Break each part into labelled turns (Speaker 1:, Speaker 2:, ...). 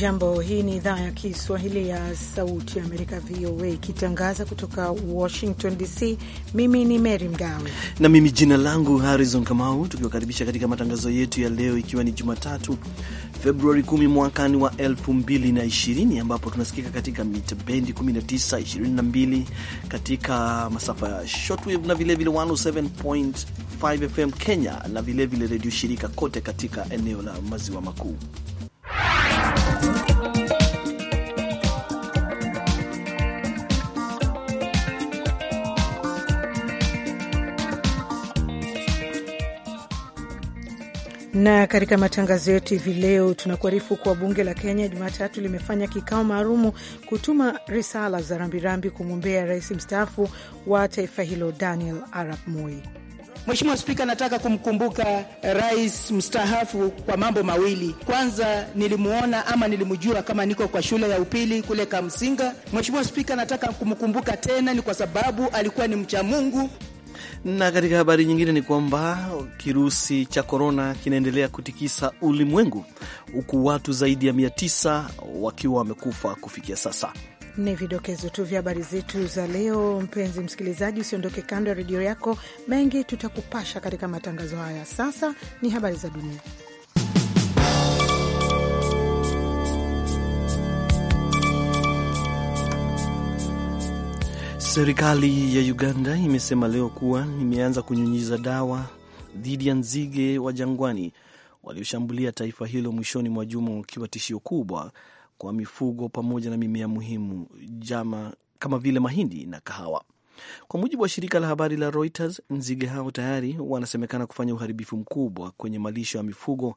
Speaker 1: Jambo, hii ni idhaa ya Kiswahili ya Sauti ya Amerika, VOA, ikitangaza kutoka Washington DC. Mimi ni Mary Mgawe
Speaker 2: na mimi jina langu Harrison Kamau, tukiwakaribisha katika matangazo yetu ya leo, ikiwa ni Jumatatu Februari 10 mwakani wa 2020 ambapo tunasikika katika mita bendi 19, 22 katika masafa ya shortwave na vilevile 107.5 FM Kenya na vilevile redio shirika kote katika eneo la maziwa makuu
Speaker 1: na katika matangazo yetu hivi leo tunakuarifu kuwa bunge la Kenya Jumatatu limefanya kikao maalumu kutuma risala za rambirambi kumwombea rais mstaafu wa taifa hilo Daniel Arap Moi.
Speaker 3: Mheshimiwa Spika, nataka kumkumbuka eh, rais mstaafu kwa mambo mawili. Kwanza, nilimuona ama nilimjua kama niko kwa shule ya upili kule Kamsinga. Mheshimiwa Spika, nataka kumkumbuka tena ni kwa sababu alikuwa ni mcha Mungu.
Speaker 2: Na katika habari nyingine ni kwamba kirusi cha korona kinaendelea kutikisa ulimwengu huku watu zaidi ya mia tisa wakiwa wamekufa kufikia sasa.
Speaker 1: Ni vidokezo tu vya habari zetu za leo. Mpenzi msikilizaji, usiondoke kando ya redio yako, mengi tutakupasha katika matangazo haya. Sasa ni habari za dunia.
Speaker 2: Serikali ya Uganda imesema leo kuwa imeanza kunyunyiza dawa dhidi ya nzige wa jangwani walioshambulia taifa hilo mwishoni mwa juma, wakiwa tishio kubwa kwa mifugo pamoja na mimea muhimu jama, kama vile mahindi na kahawa. Kwa mujibu wa shirika la habari la Reuters, nzige hao tayari wanasemekana kufanya uharibifu mkubwa kwenye malisho ya mifugo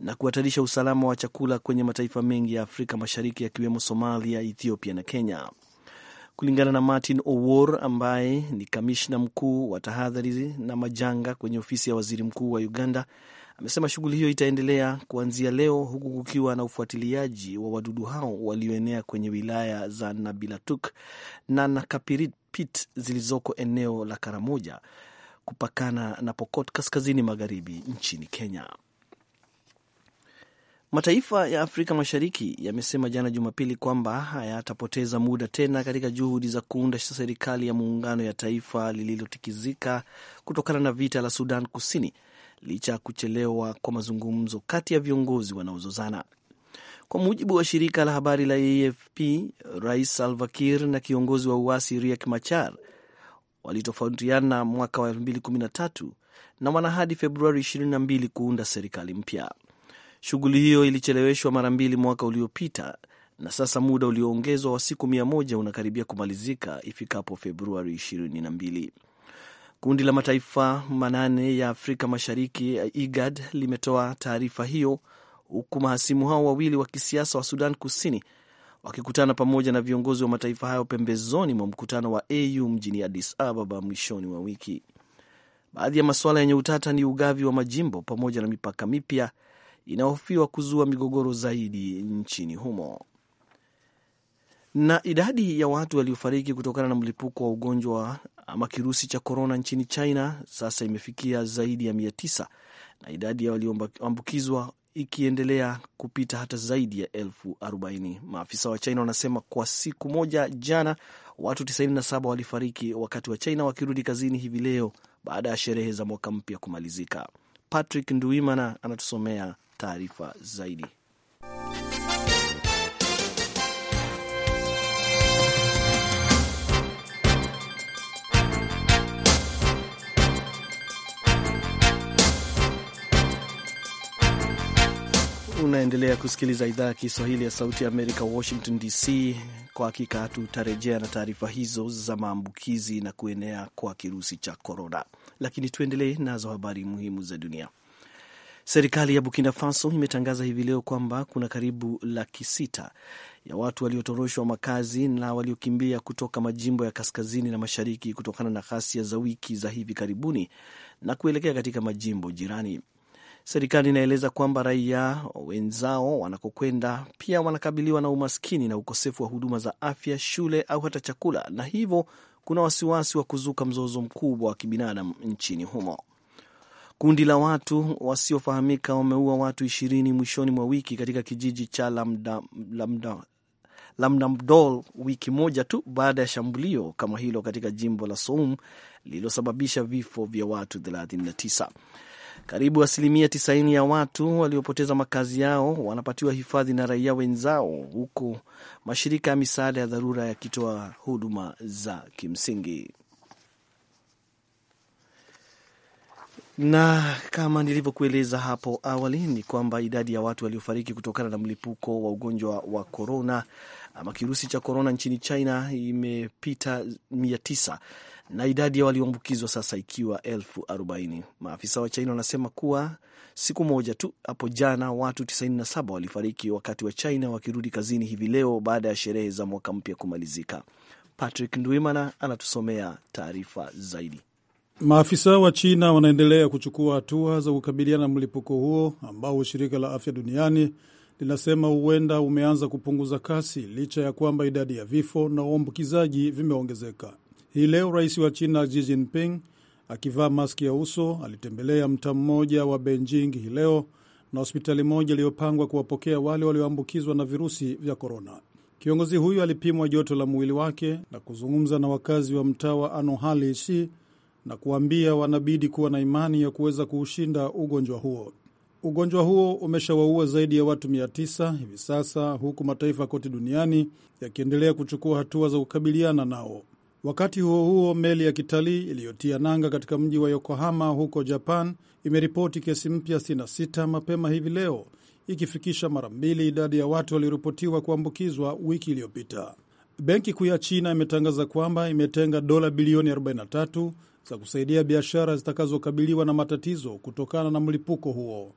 Speaker 2: na kuhatarisha usalama wa chakula kwenye mataifa mengi ya Afrika Mashariki yakiwemo Somalia, Ethiopia na Kenya. Kulingana na Martin Owor ambaye ni kamishna mkuu wa tahadhari na majanga kwenye ofisi ya waziri mkuu wa Uganda, Amesema shughuli hiyo itaendelea kuanzia leo huku kukiwa na ufuatiliaji wa wadudu hao walioenea kwenye wilaya za Nabilatuk na Nakapirpit zilizoko eneo la Karamoja kupakana na Pokot kaskazini magharibi nchini Kenya. Mataifa ya Afrika Mashariki yamesema jana Jumapili kwamba hayatapoteza muda tena katika juhudi za kuunda serikali ya muungano ya taifa lililotikizika kutokana na vita la Sudan Kusini licha ya kuchelewa kwa mazungumzo kati ya viongozi wanaozozana. Kwa mujibu wa shirika la habari la AFP, Rais Salva Kiir na kiongozi wa uasi Riek Machar walitofautiana mwaka wa 2013 na wanahadi Februari 22 kuunda serikali mpya. Shughuli hiyo ilicheleweshwa mara mbili mwaka uliopita na sasa muda ulioongezwa wa siku mia moja unakaribia kumalizika ifikapo Februari 22. Kundi la mataifa manane ya Afrika Mashariki ya IGAD limetoa taarifa hiyo huku mahasimu hao wawili wa kisiasa wa Sudan Kusini wakikutana pamoja na viongozi wa mataifa hayo pembezoni mwa mkutano wa AU mjini Addis Ababa mwishoni mwa wiki. Baadhi ya masuala yenye utata ni ugavi wa majimbo pamoja na mipaka mipya inayohofiwa kuzua migogoro zaidi nchini humo. Na idadi ya watu waliofariki kutokana na mlipuko wa ugonjwa ama kirusi cha korona nchini China sasa imefikia zaidi ya mia tisa na idadi ya walioambukizwa ikiendelea kupita hata zaidi ya elfu arobaini. Maafisa wa China wanasema kwa siku moja jana watu 97 walifariki wakati wa China wakirudi kazini hivi leo baada ya sherehe za mwaka mpya kumalizika. Patrick Nduimana anatusomea taarifa zaidi. Unaendelea kusikiliza idhaa ya Kiswahili ya Sauti ya Amerika, Washington DC. Kwa hakika tutarejea na taarifa hizo za maambukizi na kuenea kwa kirusi cha korona, lakini tuendelee nazo habari muhimu za dunia. Serikali ya Burkina Faso imetangaza hivi leo kwamba kuna karibu laki sita ya watu waliotoroshwa makazi na waliokimbia kutoka majimbo ya kaskazini na mashariki kutokana na ghasia za wiki za hivi karibuni na kuelekea katika majimbo jirani. Serikali inaeleza kwamba raia wenzao wanakokwenda pia wanakabiliwa na umaskini na ukosefu wa huduma za afya, shule au hata chakula, na hivyo kuna wasiwasi wa kuzuka mzozo mkubwa wa kibinadamu nchini humo. Kundi la watu wasiofahamika wameua watu ishirini mwishoni mwa wiki katika kijiji cha Lamda, Lamda, Lamdamdol wiki moja tu baada ya shambulio kama hilo katika jimbo la Soum lililosababisha vifo vya watu 39. Karibu asilimia 90 ya watu waliopoteza makazi yao wanapatiwa hifadhi na raia wenzao, huku mashirika ya misaada ya dharura yakitoa huduma za kimsingi. Na kama nilivyokueleza hapo awali ni kwamba idadi ya watu waliofariki kutokana na mlipuko wa ugonjwa wa korona ama kirusi cha korona nchini China imepita mia tisa na idadi ya walioambukizwa sasa ikiwa elfu arobaini. Maafisa wa China wanasema kuwa siku moja tu hapo jana watu 97 walifariki wakati wa China wakirudi kazini hivi leo baada ya sherehe za mwaka mpya kumalizika. Patrick Ndwimana anatusomea taarifa zaidi.
Speaker 4: Maafisa wa China wanaendelea kuchukua hatua za kukabiliana na mlipuko huo ambao shirika la afya duniani linasema huenda umeanza kupunguza kasi licha ya kwamba idadi ya vifo na uambukizaji vimeongezeka. Hii leo rais wa China Xi Jinping akivaa maski ya uso alitembelea mtaa mmoja wa Beijing hii leo na hospitali moja iliyopangwa kuwapokea wale walioambukizwa na virusi vya korona. Kiongozi huyo alipimwa joto la mwili wake na kuzungumza na wakazi wa mtaa wa Anohali shi na kuambia wanabidi kuwa na imani ya kuweza kuushinda ugonjwa huo. Ugonjwa huo umeshawaua zaidi ya watu 900 hivi sasa, huku mataifa kote duniani yakiendelea kuchukua hatua za kukabiliana nao. Wakati huo huo, meli ya kitalii iliyotia nanga katika mji wa Yokohama huko Japan imeripoti kesi mpya 66 mapema hivi leo, ikifikisha mara mbili idadi ya watu walioripotiwa kuambukizwa wiki iliyopita. Benki Kuu ya China imetangaza kwamba imetenga dola bilioni 43 za kusaidia biashara zitakazokabiliwa na matatizo kutokana na mlipuko huo.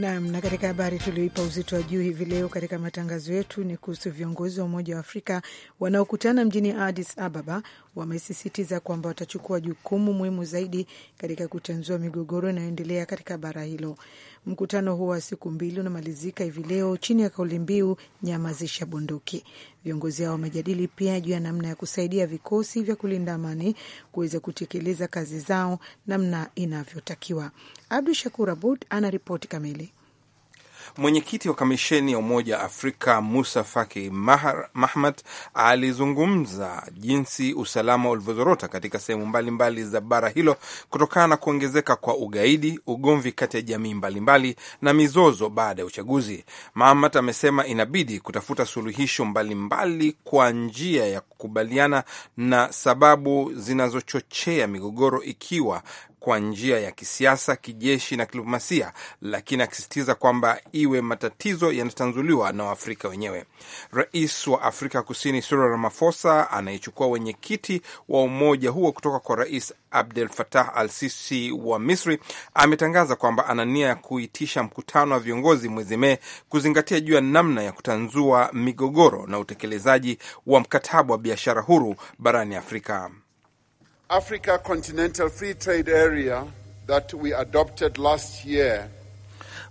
Speaker 1: Nam. Na katika habari tulioipa uzito wa juu hivi leo katika matangazo yetu ni kuhusu viongozi wa Umoja wa Afrika wanaokutana mjini Addis Ababa wamesisitiza kwamba watachukua jukumu muhimu zaidi katika kutanzua migogoro inayoendelea katika bara hilo. Mkutano huo wa siku mbili unamalizika hivi leo chini ya kauli mbiu nyamazisha bunduki. Viongozi hao wamejadili pia juu ya namna ya kusaidia vikosi vya kulinda amani kuweza kutekeleza kazi zao namna inavyotakiwa. Abdu Shakur Abud ana ripoti kamili.
Speaker 5: Mwenyekiti wa kamisheni ya Umoja wa Afrika Musa Faki Mahamat alizungumza jinsi usalama ulivyozorota katika sehemu mbalimbali za bara hilo kutokana na kuongezeka kwa ugaidi, ugomvi kati ya jamii mbalimbali na mizozo baada ya uchaguzi. Mahamat amesema inabidi kutafuta suluhisho mbalimbali kwa njia ya kukubaliana na sababu zinazochochea migogoro, ikiwa kwa njia ya kisiasa, kijeshi na kidiplomasia, lakini akisisitiza kwamba iwe matatizo yanatanzuliwa na Waafrika wenyewe. Rais wa Afrika Kusini Cyril Ramaphosa anayechukua wenyekiti wa umoja huo kutoka kwa Rais Abdel Fattah al-Sisi wa Misri ametangaza kwamba ana nia ya kuitisha mkutano wa viongozi mwezi Mei kuzingatia juu ya namna ya kutanzua migogoro na utekelezaji wa mkataba wa biashara huru barani Afrika. Africa Continental Free Trade Area that we adopted last year.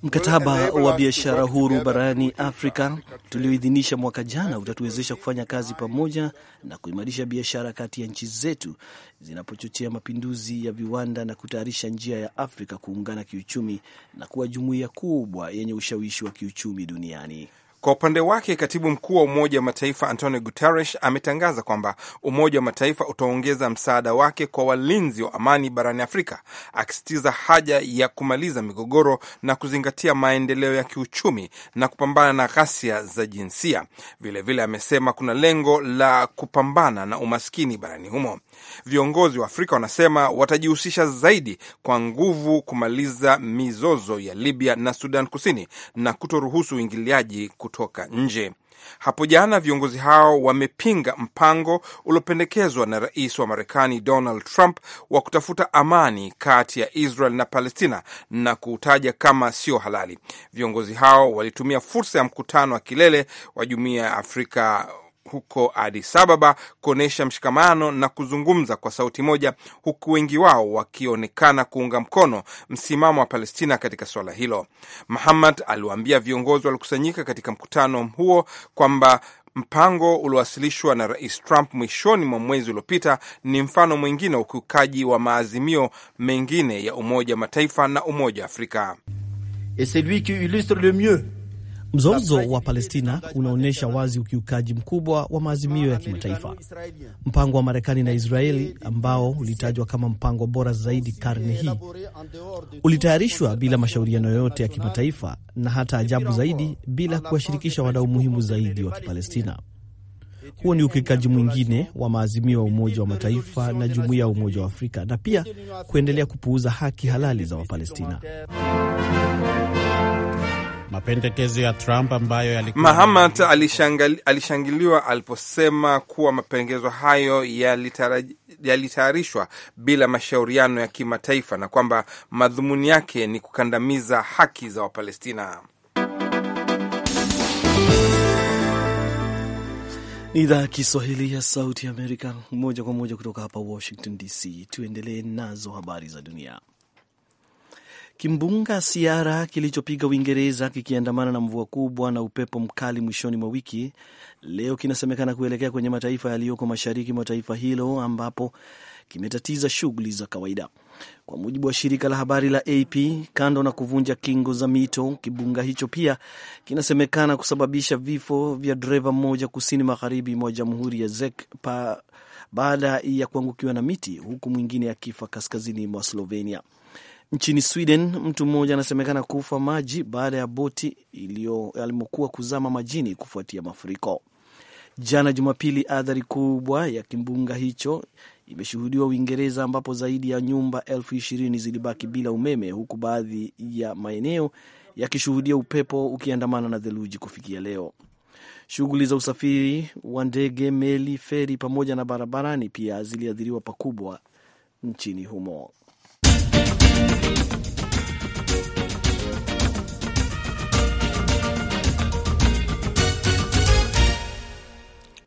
Speaker 2: Mkataba wa biashara huru barani Afrika tulioidhinisha mwaka jana utatuwezesha kufanya kazi pamoja na kuimarisha biashara kati ya nchi zetu zinapochochea mapinduzi ya viwanda na kutayarisha njia ya Afrika kuungana kiuchumi na kuwa jumuiya kubwa yenye ushawishi wa kiuchumi duniani. Kwa
Speaker 5: upande wake katibu mkuu wa Umoja wa Mataifa Antonio Guterres ametangaza kwamba Umoja wa Mataifa utaongeza msaada wake kwa walinzi wa amani barani Afrika, akisitiza haja ya kumaliza migogoro na kuzingatia maendeleo ya kiuchumi na kupambana na ghasia za jinsia. Vilevile vile amesema kuna lengo la kupambana na umaskini barani humo. Viongozi wa Afrika wanasema watajihusisha zaidi kwa nguvu kumaliza mizozo ya Libya na Sudan Kusini na kutoruhusu uingiliaji kutoka nje. Hapo jana viongozi hao wamepinga mpango uliopendekezwa na rais wa Marekani Donald Trump wa kutafuta amani kati ya Israel na Palestina na kuutaja kama sio halali. Viongozi hao walitumia fursa ya mkutano wa kilele wa jumuiya ya Afrika huko Addis Ababa kuonyesha mshikamano na kuzungumza kwa sauti moja, huku wengi wao wakionekana kuunga mkono msimamo wa Palestina katika suala hilo. Muhammad aliwaambia viongozi waliokusanyika katika mkutano huo kwamba mpango uliowasilishwa na Rais Trump mwishoni mwa mwezi uliopita ni mfano mwingine wa ukiukaji wa maazimio mengine ya Umoja wa Mataifa na Umoja wa Afrika.
Speaker 2: Et qui illustre le mieux Mzozo wa Palestina unaonyesha wazi ukiukaji mkubwa wa maazimio ya kimataifa. Mpango wa Marekani na Israeli ambao ulitajwa kama mpango bora zaidi karne hii ulitayarishwa bila mashauriano yoyote ya kimataifa, na hata ajabu zaidi, bila kuwashirikisha wadau muhimu zaidi wa Kipalestina. Huo ni ukiukaji mwingine wa maazimio ya Umoja wa Mataifa na Jumuiya ya Umoja wa Afrika, na pia kuendelea kupuuza haki halali za Wapalestina
Speaker 4: mapendekezo ya Trump ambayo yalikuwa
Speaker 5: Mahamat alishangiliwa aliposema kuwa mapendekezo hayo yalitayarishwa bila mashauriano ya kimataifa na kwamba madhumuni yake ni kukandamiza haki za Wapalestina.
Speaker 2: Ni idhaa ya Kiswahili ya Sauti ya Amerika, moja kwa moja kutoka hapa Washington DC. Tuendelee nazo habari za dunia. Kimbunga Siara kilichopiga Uingereza kikiandamana na mvua kubwa na upepo mkali mwishoni mwa wiki leo kinasemekana kuelekea kwenye mataifa yaliyoko mashariki mwa taifa hilo ambapo kimetatiza shughuli za kawaida. Kwa mujibu wa shirika la habari la AP, kando na kuvunja kingo za mito, kimbunga hicho pia kinasemekana kusababisha vifo vya dereva mmoja kusini magharibi mwa Jamhuri ya Czech baada ya kuangukiwa na miti, huku mwingine akifa kaskazini mwa Slovenia. Nchini Sweden, mtu mmoja anasemekana kufa maji baada ya boti alimokuwa kuzama majini kufuatia mafuriko. Jana Jumapili, athari kubwa ya kimbunga hicho imeshuhudiwa Uingereza, ambapo zaidi ya nyumba elfu ishirini zilibaki bila umeme, huku baadhi ya maeneo yakishuhudia upepo ukiandamana na theluji kufikia leo. Shughuli za usafiri wa ndege, meli, feri pamoja na barabarani pia ziliathiriwa pakubwa nchini humo.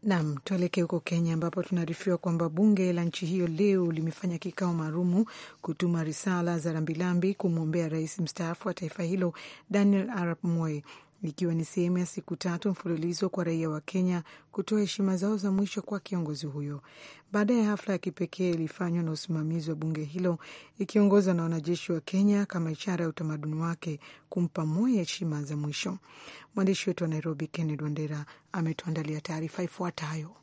Speaker 1: Nam, tuelekee huko Kenya ambapo tunaarifiwa kwamba bunge la nchi hiyo leo limefanya kikao maalumu kutuma risala za rambirambi kumwombea rais mstaafu wa taifa hilo Daniel Arap Moi ikiwa ni sehemu ya siku tatu mfululizo kwa raia wa Kenya kutoa heshima zao za mwisho kwa kiongozi huyo. Baada ya hafla ya kipekee ilifanywa na usimamizi wa bunge hilo ikiongozwa na wanajeshi wa Kenya kama ishara ya utamaduni wake kumpa moyo heshima za mwisho. Mwandishi wetu wa Nairobi, Kennedy Wandera, ametuandalia taarifa ifuatayo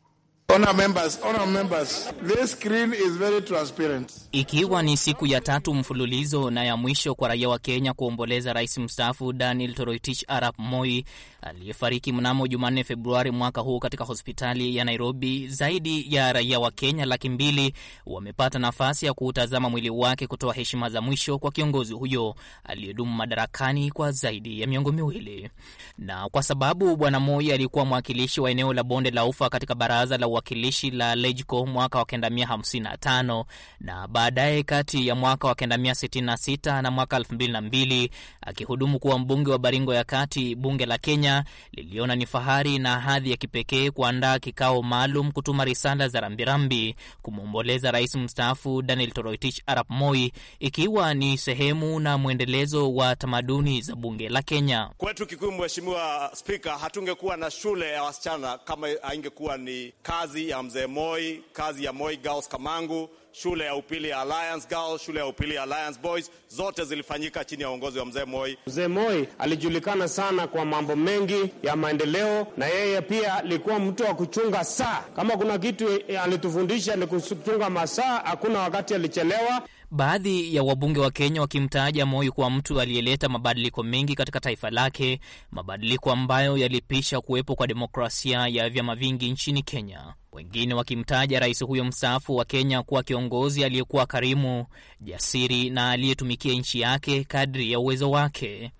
Speaker 6: members, members.
Speaker 4: This screen is very transparent.
Speaker 3: Ikiwa ni siku ya tatu mfululizo na ya mwisho kwa raia wa Kenya kuomboleza rais mstaafu Daniel Toroitich Arap Moi aliyefariki mnamo Jumanne Februari mwaka huu katika hospitali ya Nairobi, zaidi ya raia wa Kenya laki mbili wamepata nafasi ya kuutazama mwili wake kutoa heshima za mwisho kwa kiongozi huyo aliyedumu madarakani kwa zaidi ya miongo miwili. Na kwa sababu Bwana Moi alikuwa mwakilishi wa eneo la bonde la ufa katika baraza la wakilishi la LegCo mwaka wa kenda mia hamsini na tano na baadaye kati ya mwaka wa kenda mia sitini na sita na mwaka elfu mbili na mbili akihudumu kuwa mbunge wa Baringo ya Kati. Bunge la Kenya liliona ni fahari na hadhi ya kipekee kuandaa kikao maalum kutuma risala za rambirambi kumwomboleza rais mstaafu Daniel Toroitich arap Moi, ikiwa ni sehemu na mwendelezo wa tamaduni za bunge la Kenya.
Speaker 7: Kwetu Kikuyu, Mheshimiwa Spika, hatungekuwa na shule ya wasichana kama haingekuwa ni kazi kazi ya mzee Moi, kazi ya Moi Girls Kamangu, shule ya upili ya Alliance Girls, shule ya upili ya Alliance Boys, zote zilifanyika
Speaker 6: chini ya uongozi wa mzee Moi. Mzee Moi alijulikana sana kwa mambo mengi ya maendeleo, na yeye pia alikuwa mtu wa kuchunga saa. Kama kuna kitu e, alitufundisha ni kuchunga masaa, hakuna wakati alichelewa. Baadhi
Speaker 3: ya wabunge wa Kenya wakimtaja Moi kuwa mtu aliyeleta mabadiliko mengi katika taifa lake, mabadiliko ambayo yalipisha kuwepo kwa demokrasia ya vyama vingi nchini Kenya wengine wakimtaja rais huyo mstaafu wa Kenya kuwa kiongozi aliyekuwa karimu, jasiri na aliyetumikia nchi yake kadri ya uwezo wake.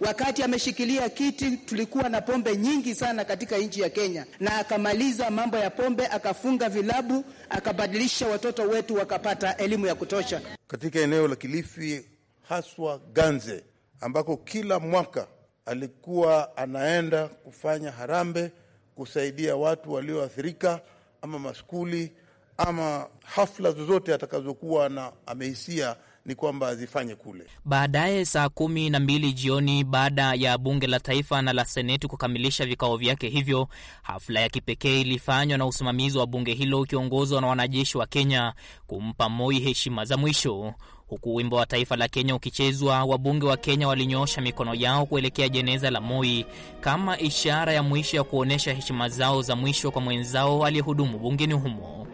Speaker 3: Wakati ameshikilia kiti, tulikuwa na pombe nyingi sana katika nchi ya Kenya, na akamaliza mambo ya pombe, akafunga vilabu, akabadilisha
Speaker 4: watoto wetu wakapata elimu ya kutosha. Katika eneo la Kilifi, haswa Ganze, ambako kila mwaka alikuwa anaenda kufanya harambe kusaidia watu walioathirika ama maskuli ama hafla zozote atakazokuwa na amehisia ni kwamba zifanye kule.
Speaker 3: Baadaye saa kumi na mbili jioni, baada ya bunge la taifa na la seneti kukamilisha vikao vyake hivyo, hafla ya kipekee ilifanywa na usimamizi wa bunge hilo ukiongozwa na wanajeshi wa Kenya kumpa Moi heshima za mwisho huku wimbo wa taifa la Kenya ukichezwa, wabunge wa Kenya walinyoosha mikono yao kuelekea jeneza la Moi kama ishara ya mwisho ya kuonyesha heshima zao za mwisho kwa mwenzao aliyehudumu bungeni humo.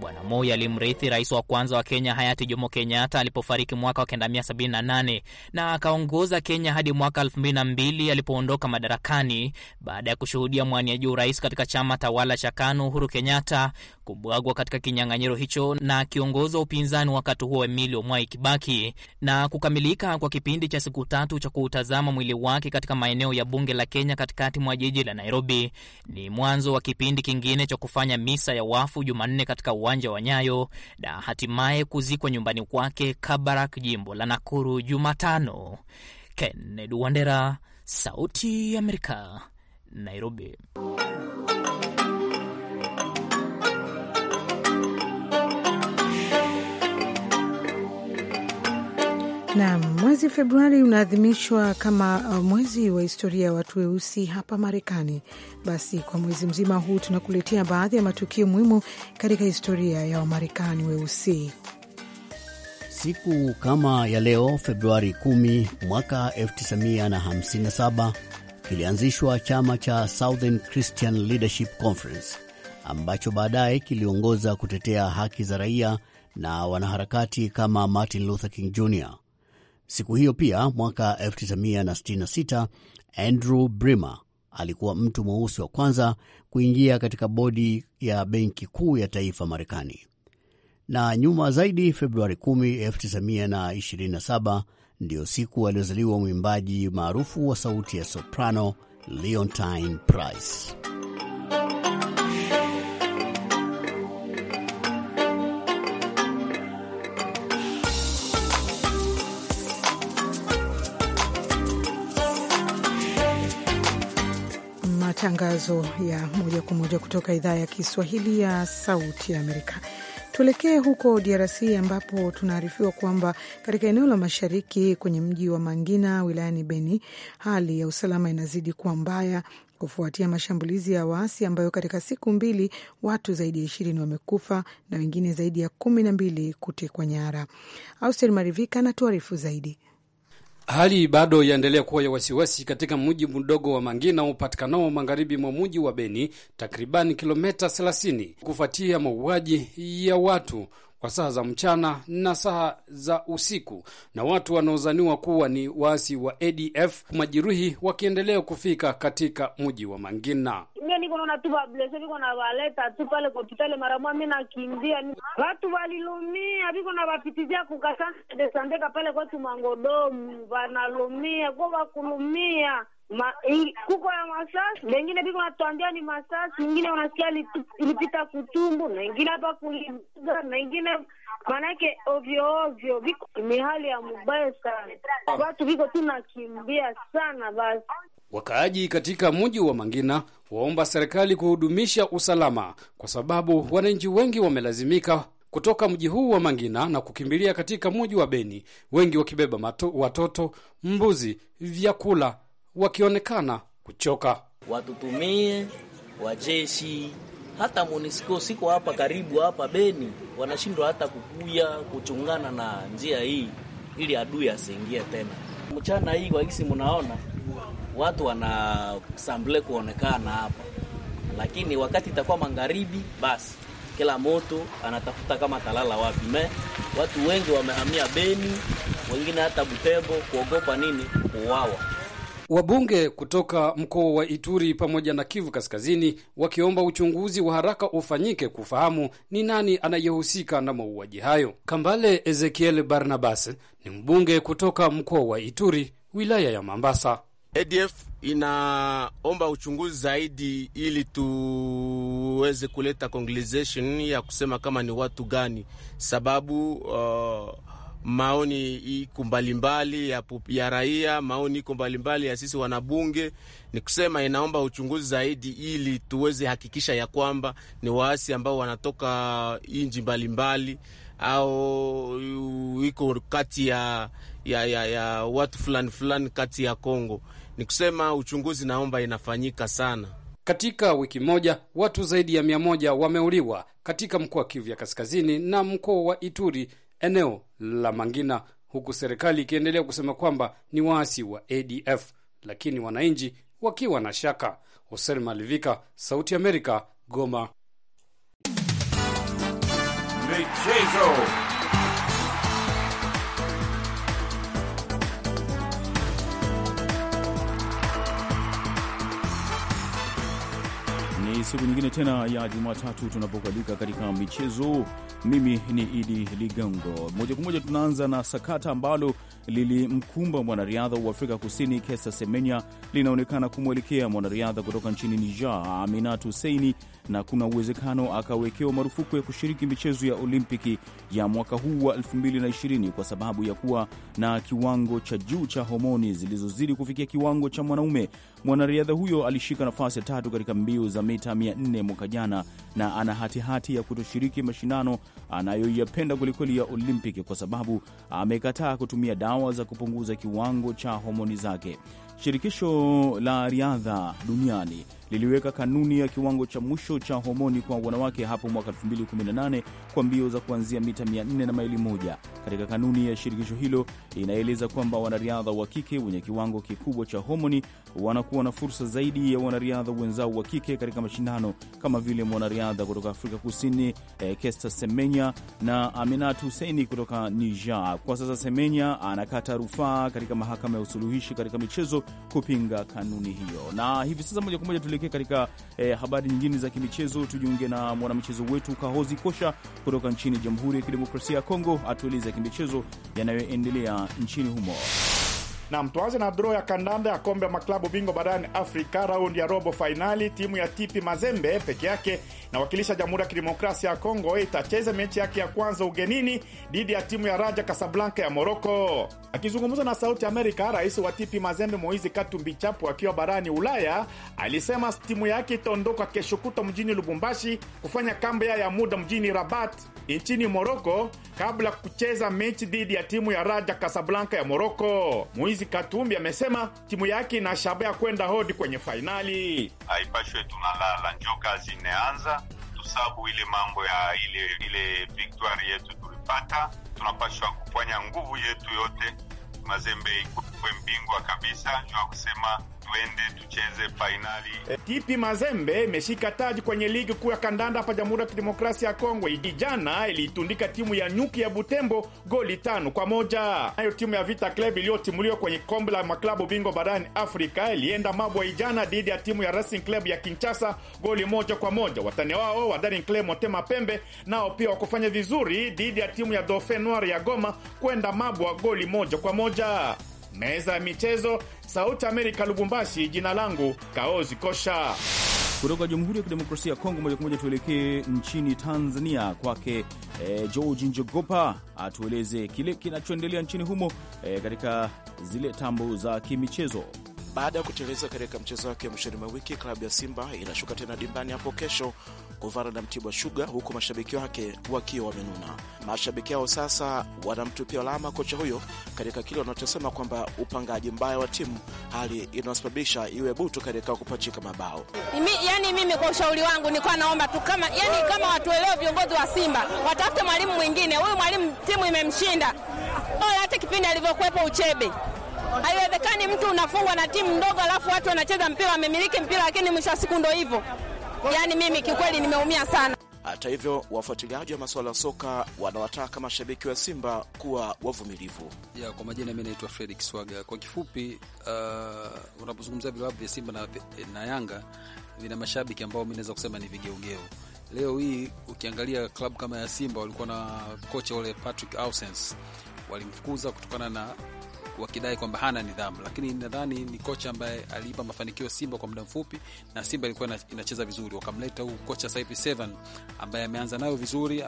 Speaker 3: Bwana Moi alimrithi rais wa kwanza wa Kenya hayati Jomo Kenyatta alipofariki mwaka wa 1978 na akaongoza Kenya hadi mwaka 2002 alipoondoka madarakani baada ya kushuhudia mwaniajuu rais katika chama tawala cha KANU Uhuru Kenyatta kubwagwa katika kinyang'anyiro hicho na kiongozi wa upinzani wakati huo Emilio Mwai Kibaki na kukamilika kwa kipindi cha siku tatu cha kuutazama mwili wake katika maeneo ya bunge la Kenya katikati mwa jiji la Nairobi ni mwanzo wa kipindi kingine cha kufanya misa ya wafu Jumanne katika uwanja wa Nyayo na hatimaye kuzikwa nyumbani kwake Kabarak, jimbo la Nakuru, Jumatano. Kennedy Wandera, Sauti ya Amerika, Nairobi.
Speaker 1: Naam, mwezi Februari unaadhimishwa kama uh, mwezi wa historia ya watu weusi hapa Marekani. Basi kwa mwezi mzima huu tunakuletea baadhi ya matukio muhimu katika historia ya Wamarekani weusi.
Speaker 8: Siku kama ya leo Februari 10 mwaka 1957 kilianzishwa chama cha Southern Christian Leadership Conference ambacho baadaye kiliongoza kutetea haki za raia na wanaharakati kama Martin Luther King Jr. Siku hiyo pia mwaka 1966 Andrew Bremer alikuwa mtu mweusi wa kwanza kuingia katika bodi ya benki kuu ya taifa Marekani. Na nyuma zaidi, Februari 10, 1927 ndiyo siku aliozaliwa mwimbaji maarufu wa sauti ya soprano Leontine Price.
Speaker 1: matangazo ya moja kwa moja kutoka idhaa ya Kiswahili ya Sauti ya Amerika. Tuelekee huko DRC ambapo tunaarifiwa kwamba katika eneo la mashariki kwenye mji wa Mangina wilayani Beni, hali ya usalama inazidi kuwa mbaya kufuatia mashambulizi ya waasi ambayo katika siku mbili watu zaidi ya ishirini wamekufa na wengine zaidi ya kumi na mbili kutekwa nyara. Auster Marivika anatuarifu zaidi.
Speaker 8: Hali bado yaendelea kuwa ya wasiwasi katika mji mdogo wa Mangina upatikanao magharibi mwa mji wa Beni, takribani kilometa 30 kufuatia mauaji ya watu kwa saa za mchana na saa za usiku, na watu wanaozaniwa kuwa ni waasi wa ADF majeruhi wakiendelea kufika katika mji wa Mangina.
Speaker 1: Mimi niko naona tu bablese viko na valeta tu pale hospitali mara moja, mimi nakimbia, watu walilumia viko na wapitizia kukasana desandeka pale kwetu mangodomu, wanalumia kwa wakulumia Ma, eh, kuko ya masasi lengine biko natuambia ni masasi, ingine unasikia ilipita kutumbu na ingine hapa kulibuga na ingine manake ovyo ovyo, viko ni hali ya mubaya sana, watu viko tunakimbia sana. Basi
Speaker 8: wakaaji katika mji wa Mangina waomba serikali kuhudumisha usalama, kwa sababu wananchi wengi wamelazimika kutoka mji huu wa Mangina na kukimbilia katika mji wa Beni, wengi wakibeba watoto, mbuzi, vyakula wakionekana kuchoka.
Speaker 3: Watutumie wajeshi hata MONUSCO siko hapa karibu hapa Beni, wanashindwa hata kukuya kuchungana na njia hii ili adui asiingie tena. Mchana hii kwa hisi mnaona watu wanasamble kuonekana hapa, lakini wakati itakuwa magharibi, basi kila moto anatafuta kama talala wapi. Me watu wengi wamehamia Beni, wengine hata Butembo
Speaker 7: kuogopa nini? Kuuawa.
Speaker 8: Wabunge kutoka mkoa wa Ituri pamoja na Kivu Kaskazini wakiomba uchunguzi wa haraka ufanyike kufahamu ni nani anayehusika na mauaji hayo. Kambale Ezekiel Barnabas ni mbunge kutoka mkoa wa Ituri, wilaya ya Mambasa.
Speaker 7: ADF inaomba uchunguzi zaidi ili tuweze kuleta conclusion ya kusema kama ni watu gani sababu uh, maoni iko mbalimbali ya, ya raia, maoni iko mbalimbali ya sisi wanabunge. Ni kusema inaomba uchunguzi zaidi, ili tuweze hakikisha ya kwamba ni waasi ambao wanatoka inji mbalimbali au iko kati ya, ya, ya, ya watu fulani fulani kati ya Kongo. Ni kusema uchunguzi naomba inafanyika sana.
Speaker 8: Katika wiki moja watu zaidi ya mia moja wameuliwa katika mkoa wa Kivu ya Kaskazini na mkoa wa Ituri eneo la Mangina, huku serikali ikiendelea kusema kwamba ni waasi wa ADF, lakini wananchi wakiwa na shaka. Hosen Malivika, Sauti Amerika, Goma. Michezo.
Speaker 7: siku nyingine tena ya Jumatatu tunapokalika katika michezo. Mimi ni Idi Ligongo. Moja kwa moja tunaanza na sakata ambalo lilimkumba mwanariadha wa Afrika Kusini Kesa Semenya, linaonekana kumwelekea mwanariadha kutoka nchini Niger Aminat Huseini, na kuna uwezekano akawekewa marufuku ya kushiriki michezo ya Olimpiki ya mwaka huu wa 2020 kwa sababu ya kuwa na kiwango cha juu cha homoni zilizozidi kufikia kiwango cha mwanaume. Mwanariadha huyo alishika nafasi ya tatu katika mbio za mita 400 mwaka jana na ana hatihati ya kutoshiriki mashindano anayoyapenda kwelikweli ya Olimpiki kwa sababu amekataa kutumia dawa za kupunguza kiwango cha homoni zake. Shirikisho la riadha duniani liliweka kanuni ya kiwango cha mwisho cha homoni kwa wanawake hapo mwaka 2018 kwa mbio za kuanzia mita 400 na maili moja. Katika kanuni ya shirikisho hilo inaeleza kwamba wanariadha wa kike wenye kiwango kikubwa cha homoni wanakuwa na fursa zaidi ya wanariadha wenzao wa kike katika mashindano kama vile mwanariadha kutoka Afrika Kusini eh, Kester Semenya na Aminat Huseini kutoka Niger. Kwa sasa Semenya anakata rufaa katika mahakama ya usuluhishi katika michezo kupinga kanuni hiyo, na hivi sasa moja kwa moja tuelekee katika eh, habari nyingine za kimichezo. Tujiunge na mwanamichezo wetu Kahozi Kosha kutoka nchini Jamhuri ya Kidemokrasia ya Kongo, atueleza kimichezo yanayoendelea nchini humo
Speaker 6: na tuanze na draw ya kandanda ya kombe ya maklabu bingwa barani Afrika, raundi ya robo fainali. Timu ya Tipi Mazembe peke yake inawakilisha Jamhuri ya Kidemokrasia ya Kongo, itacheza mechi yake ya kwanza ugenini dhidi ya timu ya Raja Kasablanka ya Moroko. Akizungumza na Sauti Amerika, rais wa Tipi Mazembe Moizi Katumbi Chapo akiwa barani Ulaya alisema timu yake itaondoka kesho mjini Lubumbashi kufanya kambi ya muda mjini Rabat nchini Moroko kabla kucheza mechi dhidi ya timu ya Raja Kasablanka ya Moroko. Muizi Katumbi amesema timu yake ina ya kwenda hodi kwenye fainali. Haipashwe tunalala, njo kazi imeanza, tusabu ile mambo ya ile ile victoire yetu tulipata, tunapashwa kufanya nguvu yetu yote, Mazembe ikuwe mbingwa kabisa, njo akusema tuende tucheze fainali. Eh, Tipi Mazembe imeshika taji kwenye ligi kuu ya kandanda hapa Jamhuri ya Kidemokrasia ya Kongo. ijana iliitundika timu ya Nyuki ya Butembo goli tano kwa moja. Nayo timu ya Vita Club iliyotimuliwa kwenye kombe la maklabu bingwa barani Afrika ilienda mabwa ijana dhidi ya timu ya Racing Club ya Kinshasa goli moja kwa moja. Watani wao wa Daring Club Motema Pembe nao pia wakufanya vizuri dhidi ya timu ya Dauphin Noir ya Goma kwenda mabwa goli moja kwa moja meza ya michezo, Sauti Amerika, Lubumbashi. Jina langu Kaozi Kosha,
Speaker 7: kutoka Jamhuri ya Kidemokrasia ya Kongo. Moja kwa moja tuelekee nchini Tanzania, kwake e, George Njogopa atueleze kile kinachoendelea nchini humo e, katika zile tambo za kimichezo. Baada ya kuteleza katika mchezo wake mwishoni mwa wiki, klabu ya Simba inashuka tena dimbani hapo kesho kuvana na Mtibwa Shuga, huku mashabiki wake wakiwa wamenuna. Mashabiki hao sasa wanamtupia lawama kocha huyo katika kile wanachosema kwamba upangaji mbaya wa timu, hali inayosababisha iwe butu katika kupachika mabao.
Speaker 8: Yani mimi kwa ushauri wangu nilikuwa naomba tu kama, yani kama watuelewe viongozi wa Simba watafute mwalimu mwingine. Huyu mwalimu timu imemshinda, hata kipindi alivyokuwepo Uchebe Haiwezekani mtu unafungwa na timu ndogo, alafu watu wanacheza mpira, wamemiliki mpira, lakini mwisho wa siku ndo hivyo. Yaani mimi kiukweli nimeumia sana.
Speaker 7: Hata hivyo wafuatiliaji wa masuala ya soka wanawataka mashabiki wa Simba kuwa wavumilivu. Ya, kwa majina mi naitwa Fredi
Speaker 8: Kiswaga. Kwa kifupi, uh, unapozungumzia vilabu vya Simba na, na Yanga vina mashabiki ambao mi naweza kusema ni vigeugeu. Leo hii ukiangalia klabu kama ya Simba walikuwa na kocha ule Patrick Ausens, walimfukuza kutokana na wakidai kwamba hana nidhamu, lakini nadhani ni kocha ambaye aliipa mafanikio Simba kwa muda mfupi, na Simba ilikuwa inacheza vizuri, wakamleta huu kocha sasa Seven ambaye ameanza nayo vizuri,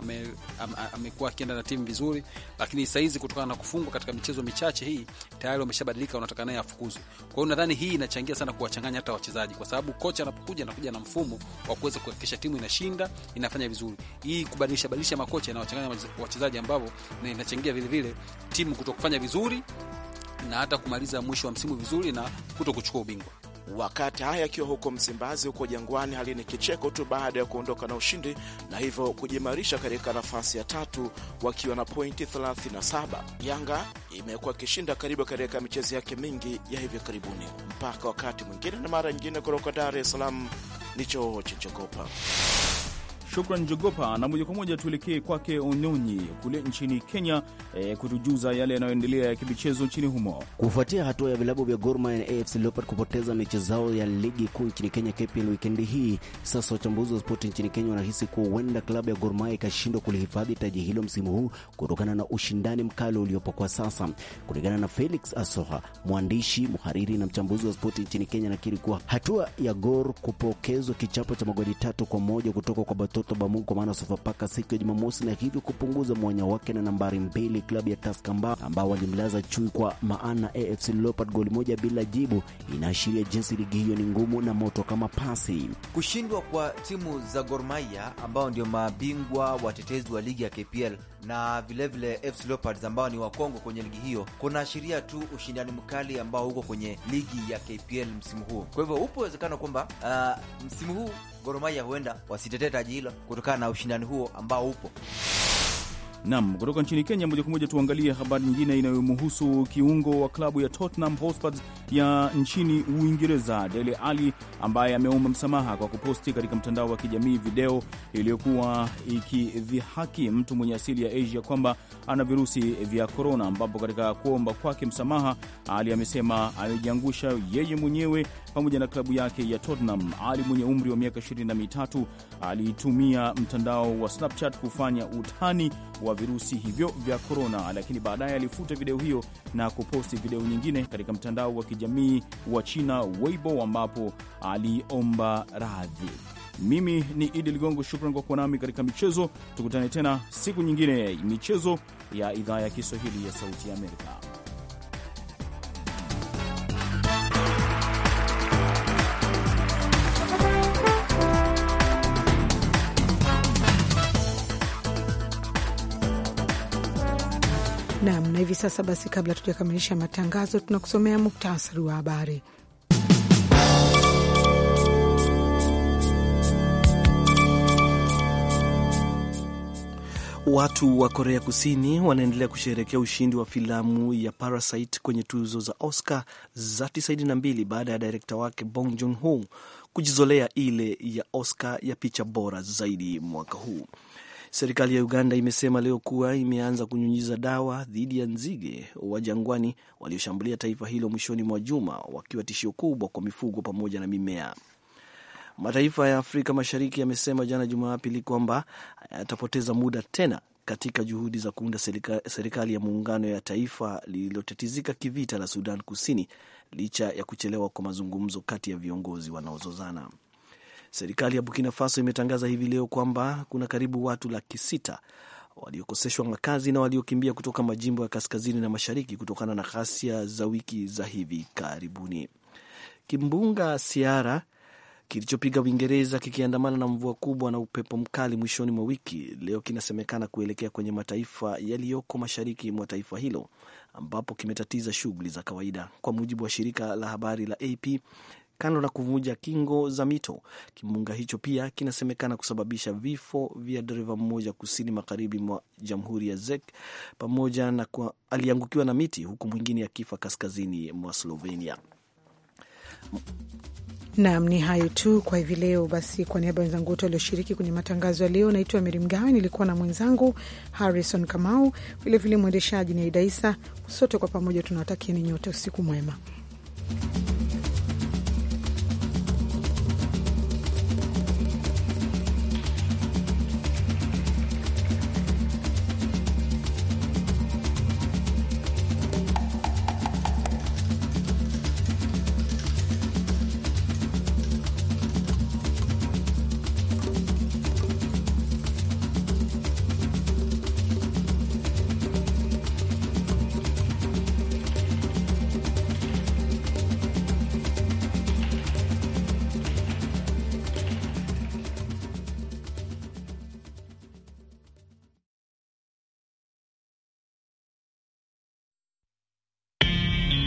Speaker 8: amekuwa ame akienda na timu vizuri, lakini sahizi kutokana na kufungwa katika michezo michache hii tayari wameshabadilika, wanataka naye afukuzwe. Kwa hiyo nadhani hii inachangia sana kuwachanganya hata wachezaji, kwa sababu kocha anapokuja anakuja na mfumo wa kuweza kuhakikisha timu inashinda, inafanya vizuri. Hii kubadilisha badilisha makocha inawachanganya wachezaji ambao na inachangia vilevile vile timu kutokufanya vizuri na hata kumaliza mwisho wa msimu vizuri na
Speaker 7: kuto kuchukua ubingwa. Wakati haya akiwa huko Msimbazi, huko Jangwani, hali ni kicheko tu baada ya kuondoka na ushindi na hivyo kujimarisha katika nafasi ya tatu wakiwa na pointi 37. Yanga imekuwa ikishinda karibu katika michezo yake mingi ya hivi karibuni. Mpaka wakati mwingine na mara nyingine, kutoka Dar es Salaam ni cha Chokopa. Shukran Jogopa. Na moja kwa moja tuelekee kwake Onyonyi kule nchini Kenya e, kutujuza yale yanayoendelea ya kimichezo nchini humo kufuatia hatua ya vilabu vya Gor Mahia na AFC Leopards kupoteza mechi zao ya ligi kuu nchini Kenya, KPL, wikendi hii. Sasa wachambuzi wa spoti nchini Kenya wanahisi kuwa huenda klabu ya Gor Mahia ikashindwa kulihifadhi taji hilo msimu huu kutokana na ushindani mkali uliopo kwa sasa. Kulingana na Felix Asoha, mwandishi, mhariri na mchambuzi wa spoti nchini Kenya, anakiri kuwa hatua ya Gor
Speaker 2: kupokezwa kichapo cha magoli tatu kwa moja kutoka kwa Batoto Tobamu kwa maana Sofapaka siku ya Jumamosi, na hivyo
Speaker 7: kupunguza mwanya wake na nambari mbili klabu ya Tusker ambao walimlaza chui kwa maana AFC Leopard goli moja bila jibu. Inaashiria jinsi ligi hiyo ni ngumu na moto kama pasi.
Speaker 3: Kushindwa kwa timu za Gor Mahia ambao ndio mabingwa watetezi wa ligi ya KPL na vilevile FC Leopards ambao ni wakongo kwenye ligi hiyo kunaashiria tu ushindani mkali ambao uko kwenye ligi ya KPL msimu huu. Kwa hivyo upo uwezekano kwamba uh, msimu huu Gor Mahia huenda wasitetee taji hilo kutokana na ushindani huo ambao upo.
Speaker 7: Nam, kutoka nchini Kenya moja kwa moja tuangalie habari nyingine inayomhusu kiungo wa klabu ya Tottenham Hotspur ya nchini Uingereza, Dele Ali, ambaye ameomba msamaha kwa kuposti katika mtandao wa kijamii video iliyokuwa ikidhihaki mtu mwenye asili ya Asia kwamba ana virusi vya korona, ambapo katika kuomba kwake msamaha, Ali amesema amejiangusha yeye mwenyewe pamoja na klabu yake ya Tottenham. Ali mwenye umri wa miaka 23 alitumia mtandao wa Snapchat kufanya utani wa virusi hivyo vya korona, lakini baadaye alifuta video hiyo na kuposti video nyingine katika mtandao wa kijamii wa China Weibo ambapo aliomba radhi. Mimi ni Idi Ligongo, shukran kwa kuwa nami katika michezo. Tukutane tena siku nyingine, michezo ya idhaa ya Kiswahili ya Sauti ya Amerika.
Speaker 1: na hivi sasa basi, kabla tujakamilisha matangazo, tunakusomea muktasari wa habari.
Speaker 2: Watu wa Korea Kusini wanaendelea kusherehekea ushindi wa filamu ya Parasite kwenye tuzo za Oscar za 92 baada ya direkta wake Bong Joon-ho kujizolea ile ya Oscar ya picha bora zaidi mwaka huu. Serikali ya Uganda imesema leo kuwa imeanza kunyunyiza dawa dhidi ya nzige wa jangwani walioshambulia taifa hilo mwishoni mwa juma, wakiwa tishio kubwa kwa mifugo pamoja na mimea. Mataifa ya Afrika Mashariki yamesema jana Jumapili kwamba yatapoteza muda tena katika juhudi za kuunda serika, serikali ya muungano ya taifa lililotatizika kivita la Sudan Kusini licha ya kuchelewa kwa mazungumzo kati ya viongozi wanaozozana. Serikali ya Burkina Faso imetangaza hivi leo kwamba kuna karibu watu laki sita waliokoseshwa makazi na waliokimbia kutoka majimbo ya kaskazini na mashariki kutokana na ghasia za wiki za hivi karibuni. Kimbunga Siara kilichopiga Uingereza kikiandamana na mvua kubwa na upepo mkali mwishoni mwa wiki leo kinasemekana kuelekea kwenye mataifa yaliyoko mashariki mwa taifa hilo ambapo kimetatiza shughuli za kawaida, kwa mujibu wa shirika la habari la AP. Kando na kuvuja kingo za mito, kimbunga hicho pia kinasemekana kusababisha vifo vya dereva mmoja kusini magharibi mwa jamhuri ya Czech, pamoja na kwa aliangukiwa na miti, huku mwingine akifa kaskazini mwa Slovenia.
Speaker 1: Nam, ni hayo tu kwa hivi leo. Basi, kwa niaba ya wenzangu wote walioshiriki kwenye matangazo ya leo, naitwa Meri Mgawe, nilikuwa na mwenzangu Harrison Kamau, vilevile mwendeshaji ni Aida Isa. Sote kwa pamoja tunawatakieni nyote usiku mwema.